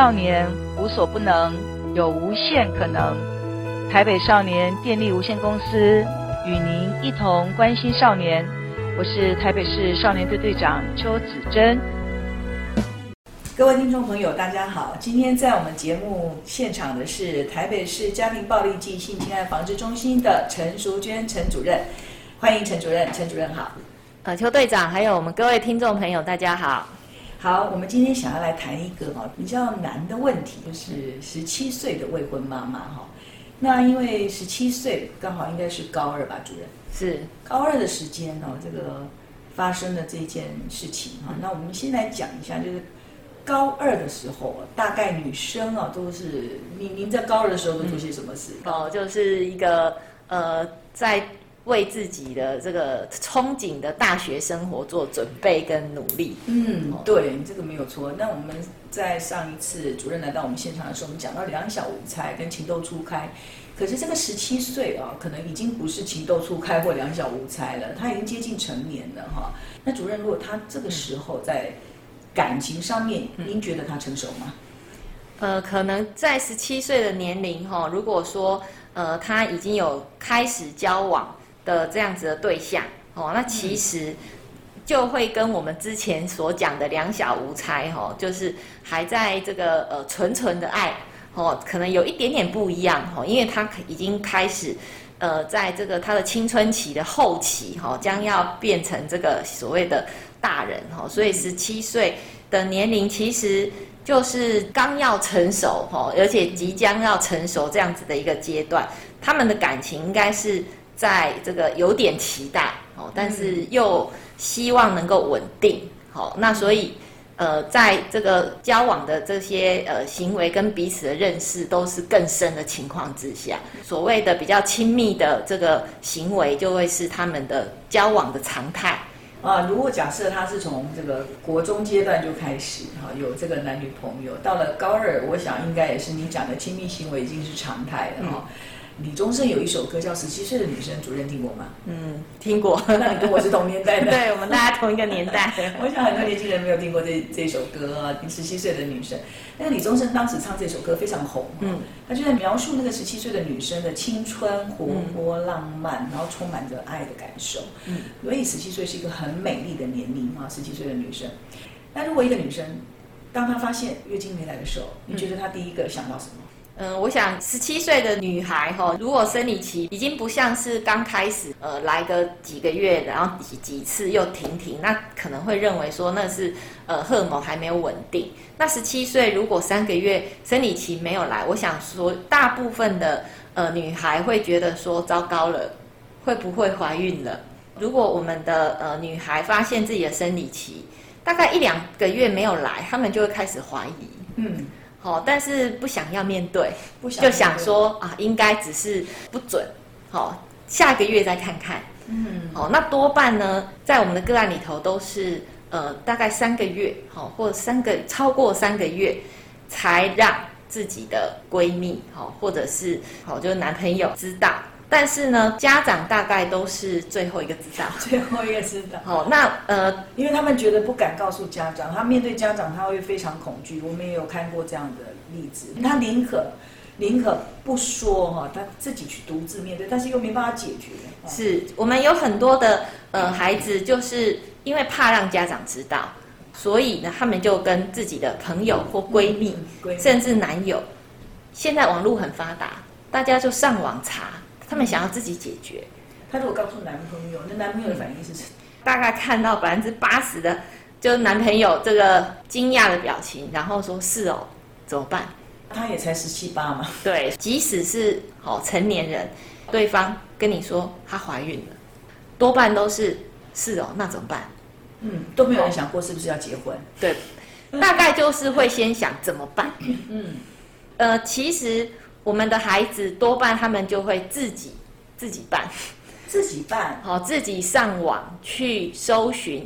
少年無所不能，有無限可能。台北少年電力無限公司與您一同關心少年。我是台北市少年隊隊長邱子珍。各位聽眾朋友，大家好。今天在我們節目現場的是台北市家庭暴力暨性侵害防治中心的陳淑娟陳主任，歡迎陳主任。陳主任好。呃，邱隊長，還有我們各位聽眾朋友，大家好。好，我們今天想要來談一個哈比較難的問題，就是十七歲的未婚媽媽哈。那因為十七歲剛好應該是高二吧，主任是高二的時間哦，這個發生的這件事情哈。那我們先來講一下，就是高二的時候，大概女生啊都是您您在高二的時候都做些什麼事？嗯。哦，就是一個呃在。為自己的這個憧憬的大學生活做準備跟努力。嗯，對，這個沒有錯。那我們在上一次主任來到我們現場的時候，我們講到兩小無猜跟情竇初開，可是這個十七歲啊、哦，可能已經不是情竇初開或兩小無猜了，他已經接近成年了哈、哦。那主任，如果他這個時候在感情上面，嗯、您覺得他成熟嗎？呃，可能在十七歲的年齡哈、哦，如果說呃他已經有開始交往。的這樣子的對象哦，那其實就會跟我們之前所講的兩小無猜哈、哦，就是還在這個呃純純的愛哦，可能有一點點不一樣哈、哦，因為他已經開始呃，在這個他的青春期的後期哈，將、哦、要變成這個所謂的大人哈、哦，所以十七歲的年齡其實就是剛要成熟哈、哦，而且即將要成熟這樣子的一個階段，他們的感情應該是。在這個有點期待哦，但是又希望能夠穩定好，哦，那所以，呃，在這個交往的這些呃行為跟彼此的認識都是更深的情況之下，所謂的比較親密的這個行為就會是他們的交往的常態。啊，如果假設他是從這個國中階段就開始哈有這個男女朋友，到了高二，我想應該也是你講的親密行為已經是常態了哈。嗯李宗盛有一首歌叫《十七歲的女生》，主任聽過嗎？嗯，聽過。那你跟我是同年代的。 對，我們大家同一個年代。 我想很多年輕人沒有聽過這這首歌，啊《十七歲的女生》，但是李宗盛當時唱這首歌非常紅，啊。嗯。他就在描述那個十七歲的女生的青春活潑浪漫，嗯、然後充滿着愛的感受。嗯。所以十七歲是一個很美麗的年齡嘛、啊？十七歲的女生。那如果一個女生，當她發現月經沒來的時候，你覺得她第一個想到什麼？嗯嗯，我想十七歲的女孩哈，如果生理期已經不像是剛開始，呃，來個幾個月，然後幾幾次又停停，那可能會認為說那是，呃，荷爾蒙還沒有穩定。那十七歲如果三個月生理期沒有來，我想說大部分的呃女孩會覺得說糟糕了，會不會懷孕了？如果我們的呃女孩發現自己的生理期大概一兩個月沒有來，她們就會開始懷疑。嗯。哦，但是不想要面對，不想面對就想說啊，應該只是不準，好、哦，下個月再看看。嗯，好、哦，那多半呢，在我們的個案裡頭都是呃，大概三個月，好、哦，或三個超過三個月，才讓自己的閨蜜，好、哦，或者是好、哦，就是男朋友知道。但是呢，家長大概都是最後一個知道，最後一個知道。好、哦，那呃，因為他們覺得不敢告訴家長，他面對家長他會非常恐懼。我們也有看過這樣的例子，他寧可寧可不說哈、哦，他自己去獨自面對，但是又沒辦法解決。哦、是我們有很多的呃孩子，就是因為怕讓家長知道，所以呢，他們就跟自己的朋友或閨蜜，嗯、閨蜜甚至男友，現在網絡很發達，大家就上網查。他們想要自己解決。嗯，他如果告訴男朋友，那男朋友的反應是，大概看到百分之八十的，就是男朋友這個驚訝的表情，然後說是哦，怎麼辦？他也才十七八嘛。對，即使是哦成年人，對方跟你說她懷孕了，多半都是是哦，那怎麼辦？嗯，都沒有人想過是不是要結婚。對，大概就是會先想怎麼辦。 嗯，呃，其實。我們的孩子多半他們就會自己自己辦，自己辦。好、哦，自己上網去搜尋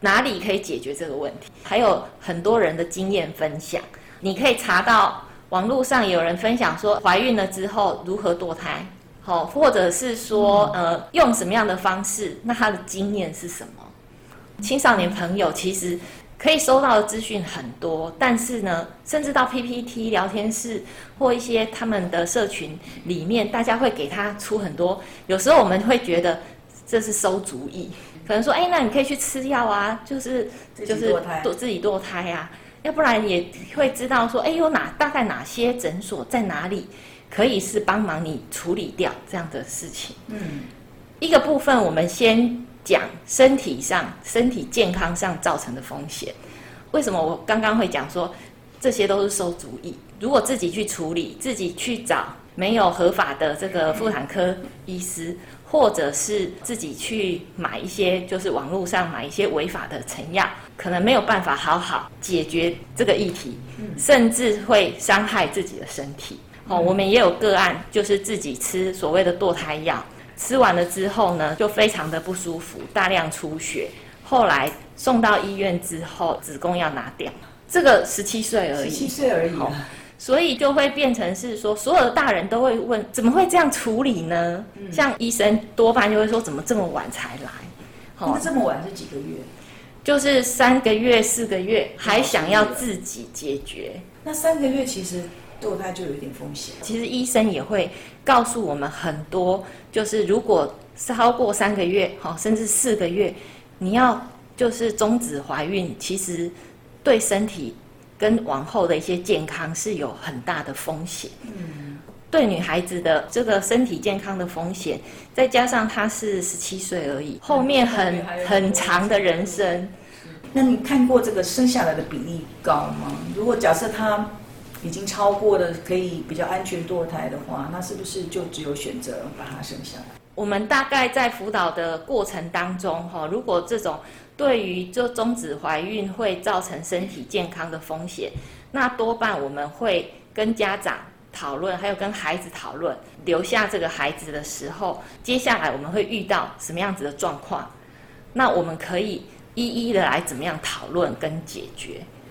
哪裡可以解決這個問題，還有很多人的經驗分享。你可以查到網絡上有人分享說，懷孕了之後如何墮胎，好、哦，或者是說、嗯、呃用什麼樣的方式，那他的經驗是什麼？青少年朋友其實。可以收到的資訊很多，但是呢，甚至到 PPT 聊天室或一些他們的社群裡面，大家會給他出很多。有時候我們會覺得這是餿主意，可能說：“哎、欸，那你可以去吃藥啊，就是胎就是自己墮胎啊。”要不然也會知道說：“哎、欸，有哪大概哪些診所在哪裡可以是幫忙你處理掉這樣的事情？”嗯，一個部分我們先。講身體上、身體健康上造成的風險，為什麼我剛剛會講說這些都是餿主意？如果自己去處理，自己去找沒有合法的這個婦產科醫師，或者是自己去買一些，就是網絡上買一些違法的成藥，可能沒有辦法好好解決這個議題，甚至會傷害自己的身體。哦，我們也有個案，就是自己吃所謂的墮胎藥。吃完了之後呢，就非常的不舒服，大量出血。後來送到醫院之後，子宮要拿掉，這個十七歲而已，十七歲而已，啊哦，所以就會變成是說，所有的大人都會問，怎麼會這樣處理呢？嗯，像醫生多半就會說，怎麼這麼晚才來？那這麼晚是幾個月哦？就是三個月，四個月，還想要自己解決？那三個月其實。墮胎就有一點風險，其實醫生也會告訴我們很多，就是如果超過三個月，哈，甚至四個月，你要就是終止懷孕，其實對身體跟往後的一些健康是有很大的風險。嗯，對女孩子的這個身體健康的風險，再加上她是十七歲而已，後面很、嗯、很長的人生。嗯、那你看過這個生下來的比例高嗎？如果假設她。已經超過了可以比較安全墮胎的話，那是不是就只有選擇把它生下來？我們大概在輔導的過程當中哈，如果這種對於做終止懷孕會造成身體健康的風險，那多半我們會跟家長討論，還有跟孩子討論，留下這個孩子的時候，接下來我們會遇到什麼樣子的狀況？那我們可以一一的來怎麼樣討論跟解決。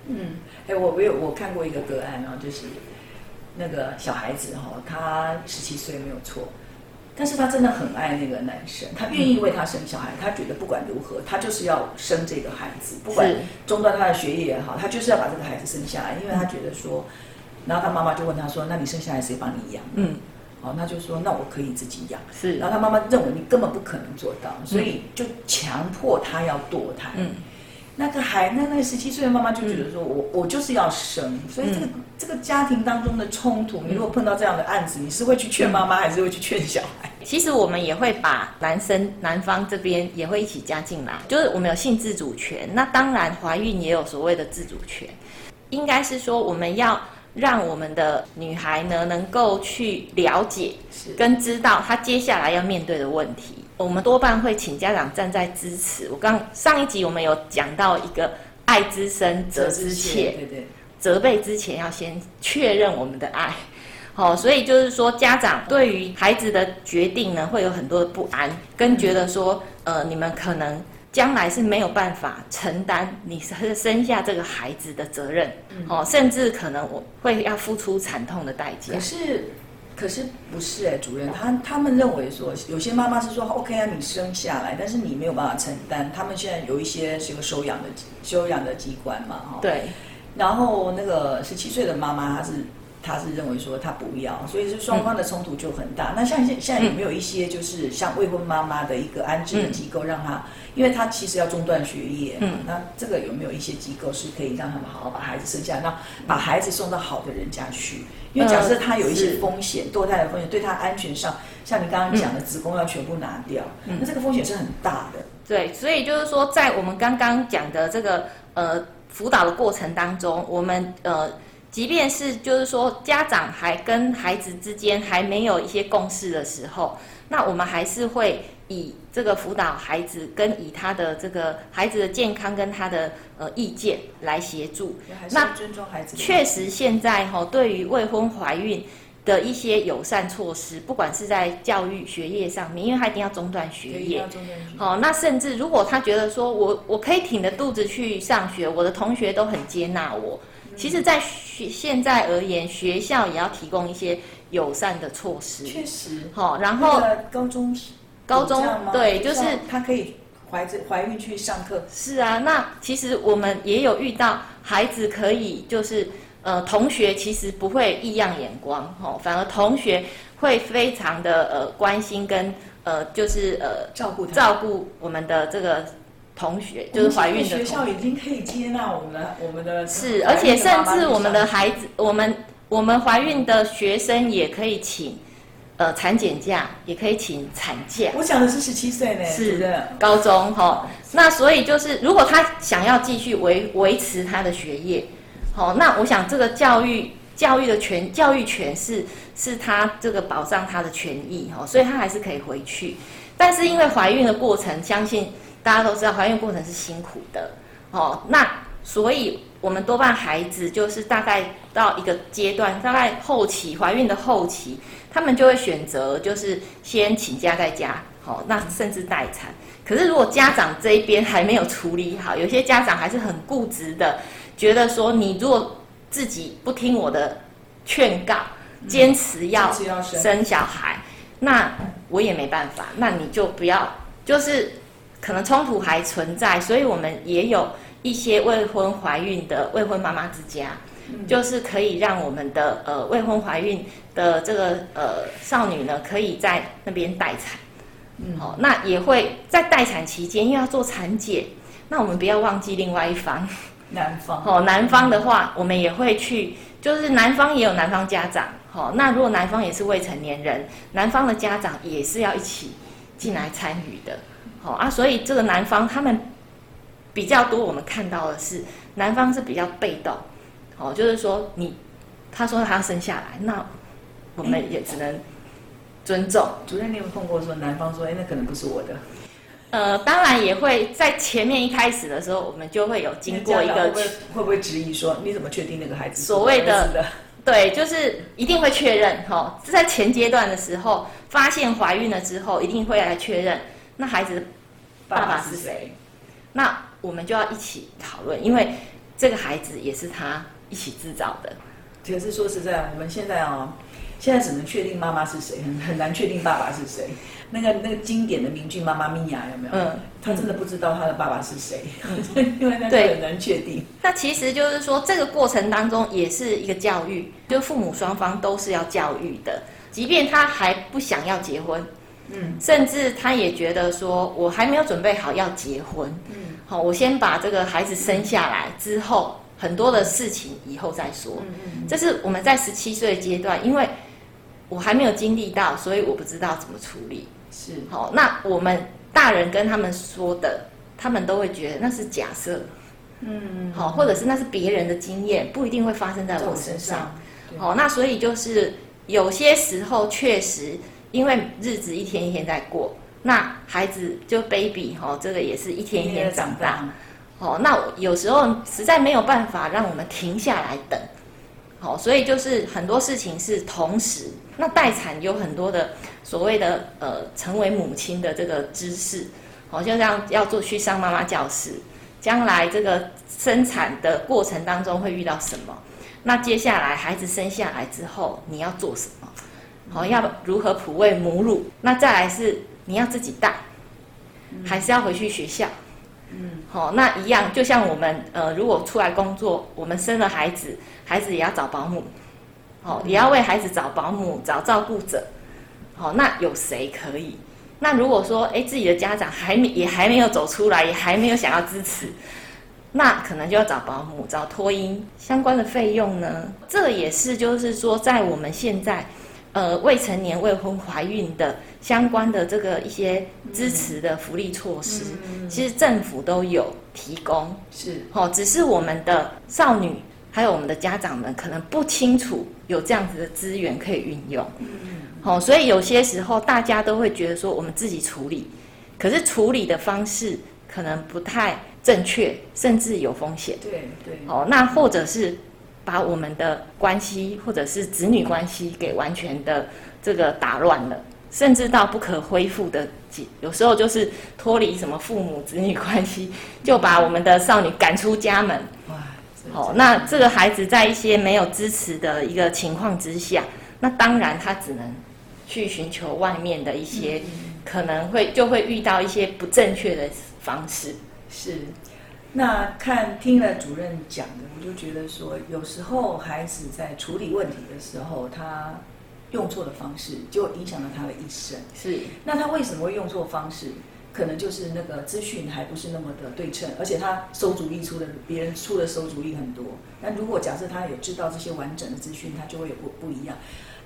嗯，哎、欸，我有我看過一個個案，啊，就是那個小孩子哈，他十七歲沒有錯，但是他真的很愛那個男生，他願意為他生小孩，他覺得不管如何，他就是要生這個孩子，不管中斷他的學業也好，他就是要把這個孩子生下來，因為他覺得說，然後他媽媽就問他說：“那你生下來誰幫你養？”嗯，哦，他就說那我可以自己養。是，然後他媽媽認為你根本不可能做到，所以就強迫他要墮胎。嗯。那個孩，那那十七歲的媽媽就覺得說我，我、嗯、我就是要生，所以這個、嗯、這個家庭當中的衝突，你如果碰到這樣的案子，你是會去勸媽媽，嗯、還是會去勸小孩？其實我們也會把男生男方這邊也會一起加進來，就是我們有性自主權，那當然懷孕也有所謂的自主權，應該是說我們要讓我們的女孩呢能夠去了解，跟知道她接下來要面對的問題。我們多半會請家長站在支持。我剛上一集我們有講到一個愛之深，責之切，對對。責備之前要先確認我們的愛，好、哦，所以就是說家長對於孩子的決定呢，會有很多的不安，跟覺得說，嗯、呃，你們可能將來是沒有辦法承擔你生下這個孩子的責任，哦，甚至可能我會要付出慘痛的代價。可是可是不是哎、欸，主任，他他們認為說，有些媽媽是說 OK 啊，你生下來，但是你沒有辦法承擔，他們現在有一些是個收養的收養的機關嘛，哈。對。然後那個十七歲的媽媽，她是。他是認為說他不要，所以是雙方的衝突就很大。嗯、那像現現在有沒有一些就是像未婚媽媽的一個安置的機構，讓他、嗯、因為他其實要中斷學業，嗯、那這個有沒有一些機構是可以讓他們好好把孩子生下來，那把孩子送到好的人家去？嗯、因為假設他有一些風險，呃、墮胎的風險對他安全上，像你剛剛講的子宮要全部拿掉，嗯嗯、那這個風險是很大的。對，所以就是說在我們剛剛講的這個呃輔導的過程當中，我們呃。即便是就是說，家長還跟孩子之間還沒有一些共識的時候，那我們還是會以這個輔導孩子跟以他的這個孩子的健康跟他的呃意見來協助。那尊重孩子。確實，現在吼、喔、對於未婚懷孕的一些友善措施，不管是在教育學業上面，因為他一定要中斷學業，好、嗯喔，那甚至如果他覺得說，我我可以挺着肚子去上學，我的同學都很接納我。其實在學，在現在而言，學校也要提供一些友善的措施。確實，好、哦，然後高中高中對，就是她可以懷着懷孕去上課。是啊，那其實我們也有遇到孩子可以，就是呃，同學其實不會異樣眼光，吼、哦，反而同學會非常的呃關心跟呃，就是呃照顧照顧我們的這個。同學就是懷孕的，學校已經可以接納我們的我們的。是，而且甚至我們的孩子，我們我們懷孕的學生也可以請，呃，產檢假，也可以請產假。我講的是十七歲呢，是的，高中哈。那所以就是，如果他想要繼續維維持他的學業，好，那我想這個教育教育的權教育權是是他這個保障他的權益哈，所以他還是可以回去。但是因為懷孕的過程，相信。大家都知道懷孕過程是辛苦的，哦，那所以我們多半孩子就是大概到一個階段，大概後期懷孕的後期，他們就會選擇就是先請假在家，好，哦，那甚至待產。可是如果家長這一邊還沒有處理好，有些家長還是很固執的，覺得說你如果自己不聽我的勸告，堅持要生小孩，那我也沒辦法，那你就不要就是。可能衝突還存在，所以我們也有一些未婚懷孕的未婚媽媽之家，嗯、就是可以讓我們的呃未婚懷孕的這個呃少女呢，可以在那邊待產。嗯，好、哦，那也會在待產期間，因為要做產檢，那我們不要忘記另外一方，男方。吼、哦、男方的話，我們也會去，就是男方也有男方家長。吼、哦、那如果男方也是未成年人，男方的家長也是要一起進來參與的。嗯哦、啊，所以這個男方他們比較多，我們看到的是男方是比較被動，哦，就是說你他說他要生下來，那我們也只能尊重。主任你有，有碰過說男方說，哎、欸，那可能不是我的？呃，當然也會在前面一開始的時候，我們就會有經過一個會不會質疑說，你怎麼確定那個孩子？所謂的對，就是一定會確認哈、哦。是在前階段的時候，發現懷孕了之後，一定會來確認那孩子。爸爸是誰？爸爸是誰？那我們就要一起討論，因為這個孩子也是他一起製造的。可是說實在，我們現在哦、喔，現在只能確定媽媽是誰，很很難確定爸爸是誰。那個那個經典的名句“媽媽咪呀”，有沒有？嗯，他真的不知道他的爸爸是誰，嗯、因為很難確定。那其實就是說，這個過程當中也是一個教育，就父母雙方都是要教育的，即便他還不想要結婚。嗯，甚至他也覺得說，我還沒有準備好要結婚，嗯，好、哦，我先把這個孩子生下來之後，很多的事情，以後再說。嗯嗯，嗯嗯，這是我們在十七歲的階段，因為我還沒有經歷到，所以我不知道怎麼處理。是，好、哦，那我們大人跟他們說的，他們都會覺得那是假設、嗯，嗯，好、哦，或者是那是別人的經驗，不一定會發生在我身上。好、哦，那所以就是有些時候確實。因為日子一天一天在過，那孩子就 baby 哈、哦，這個也是一天一天長大，Yes. 哦，那有時候實在沒有辦法讓我們停下來等，好、哦，所以就是很多事情是同時。那待產有很多的所謂的呃，成為母親的這個知識，哦，就像要做去上媽媽教室，將來這個生產的過程當中會遇到什麼？那接下來孩子生下來之後你要做什麼？好、哦，要如何哺餵母乳？那再來是你要自己帶，嗯、還是要回去學校？嗯。好、哦，那一樣，就像我們呃，如果出來工作，我們生了孩子，孩子也要找保姆，好、哦，嗯、也要為孩子找保姆、找照顧者。好、哦，那有誰可以？那如果說哎、欸，自己的家長還沒也還沒有走出來，也還沒有想要支持，那可能就要找保姆、找托嬰相關的費用呢。這也是就是說，在我們現在。呃，未成年未婚懷孕的相關的這個一些支持的福利措施，其實政府都有提供。是。哦，只是我們的少女還有我們的家長們可能不清楚有這樣子的資源可以運用。嗯，好，所以有些時候大家都會覺得說我們自己處理，可是處理的方式可能不太正確，甚至有風險。對對。哦，那或者是。把我們的關係，或者是子女關係，給完全的這個打亂了，甚至到不可恢復的，有時候就是脫離什麼父母子女關係，就把我們的少女趕出家門。哇，好，那這個孩子在一些沒有支持的一個情況之下，那當然他只能去尋求外面的一些，嗯嗯、可能會就會遇到一些不正確的方式。是。那看聽了主任講的，我就覺得說，有時候孩子在處理問題的時候，他用錯的方式，就影響了他的一生。是，那他為什麼會用錯方式？可能就是那個資訊還不是那麼的對稱，而且他餿主意出的，別人出的餿主意很多。但如果假設他也知道這些完整的資訊，他就會有不不一樣。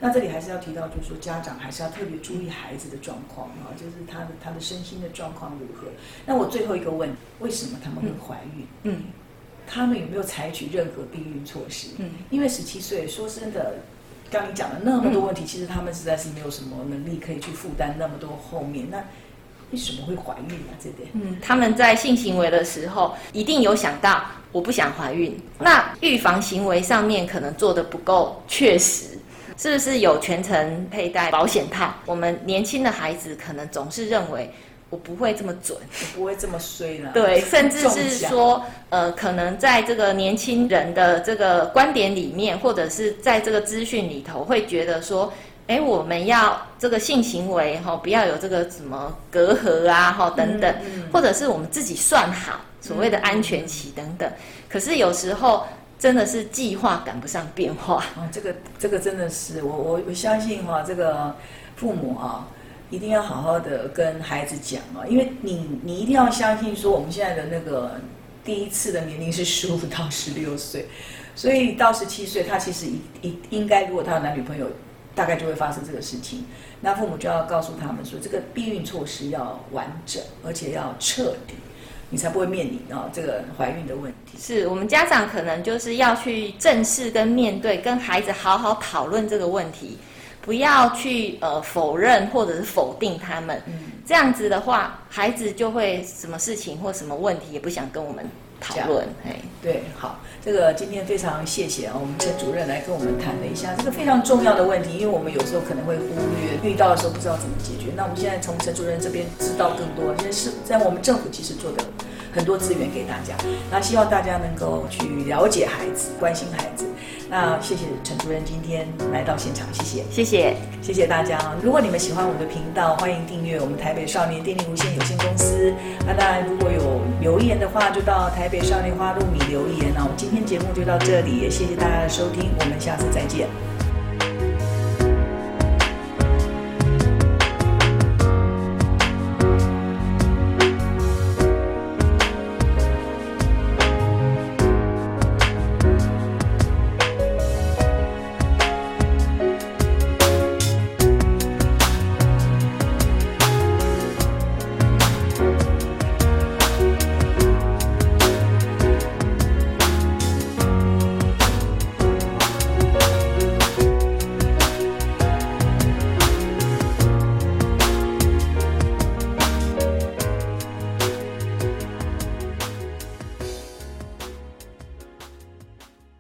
那這裡還是要提到，就是說家長還是要特別注意孩子的狀況啊，就是他的他的身心的狀況如何。那我最後一個問題，為什麼他們會懷孕？嗯，他們有沒有採取任何避孕措施？嗯，因為十七歲，說真的，剛你講了那麼多問題，嗯、其實他們實在是沒有什麼能力可以去負擔那麼多後面。那為什麼會懷孕呢、啊？這邊，嗯，他們在性行為的時候一定有想到我不想懷孕，那預防行為上面可能做得不夠確實。是不是有全程佩戴保險套？我們年輕的孩子可能總是認為我不會這麼準，我不會這麼衰呢。對，甚至是說，呃，可能在這個年輕人的這個觀點裡面，或者是在這個資訊裡頭，會覺得說，哎、欸，我們要這個性行為哈、哦，不要有這個什麼隔閡啊，哈、哦，等等，嗯嗯、或者是我們自己算好所謂的安全期等等。嗯、可是有時候。真的是計劃趕不上變化，啊，這個這個真的是我我我相信哈、啊,這個父母啊一定要好好的跟孩子講啊，因為你你一定要相信說我們現在的那個第一次的年齡是十五到十六歲，所以到十七歲他其實一一應該如果他有男女朋友，大概就會發生這個事情，那父母就要告訴他們說，這個避孕措施要完整，而且要徹底。你才不會面臨啊，哦，這個懷孕的問題。是我們家長可能就是要去正視跟面對，跟孩子好好討論這個問題，不要去呃否認或者是否定他們。嗯，這樣子的話，孩子就會什麼事情或什麼問題也不想跟我們。嗯。討論，哎，對，好，這個今天非常謝謝啊、哦，我們陳主任來跟我們談了一下這個非常重要的問題，因為我們有時候可能會忽略，遇到的時候不知道怎麼解決。那我們現在從陳主任這邊知道更多，這是在我們政府其實做的很多資源給大家，那希望大家能夠去了解孩子，關心孩子。那謝謝陳主任今天來到現場，謝謝，謝謝，謝謝大家。如果你們喜歡我們的頻道，歡迎訂閱我們台北少年電力無線有限公司。那當然，如果有留言的話，就到台北少年花露米留言。那我們今天節目就到這裡，也謝謝大家的收聽，我們下次再見。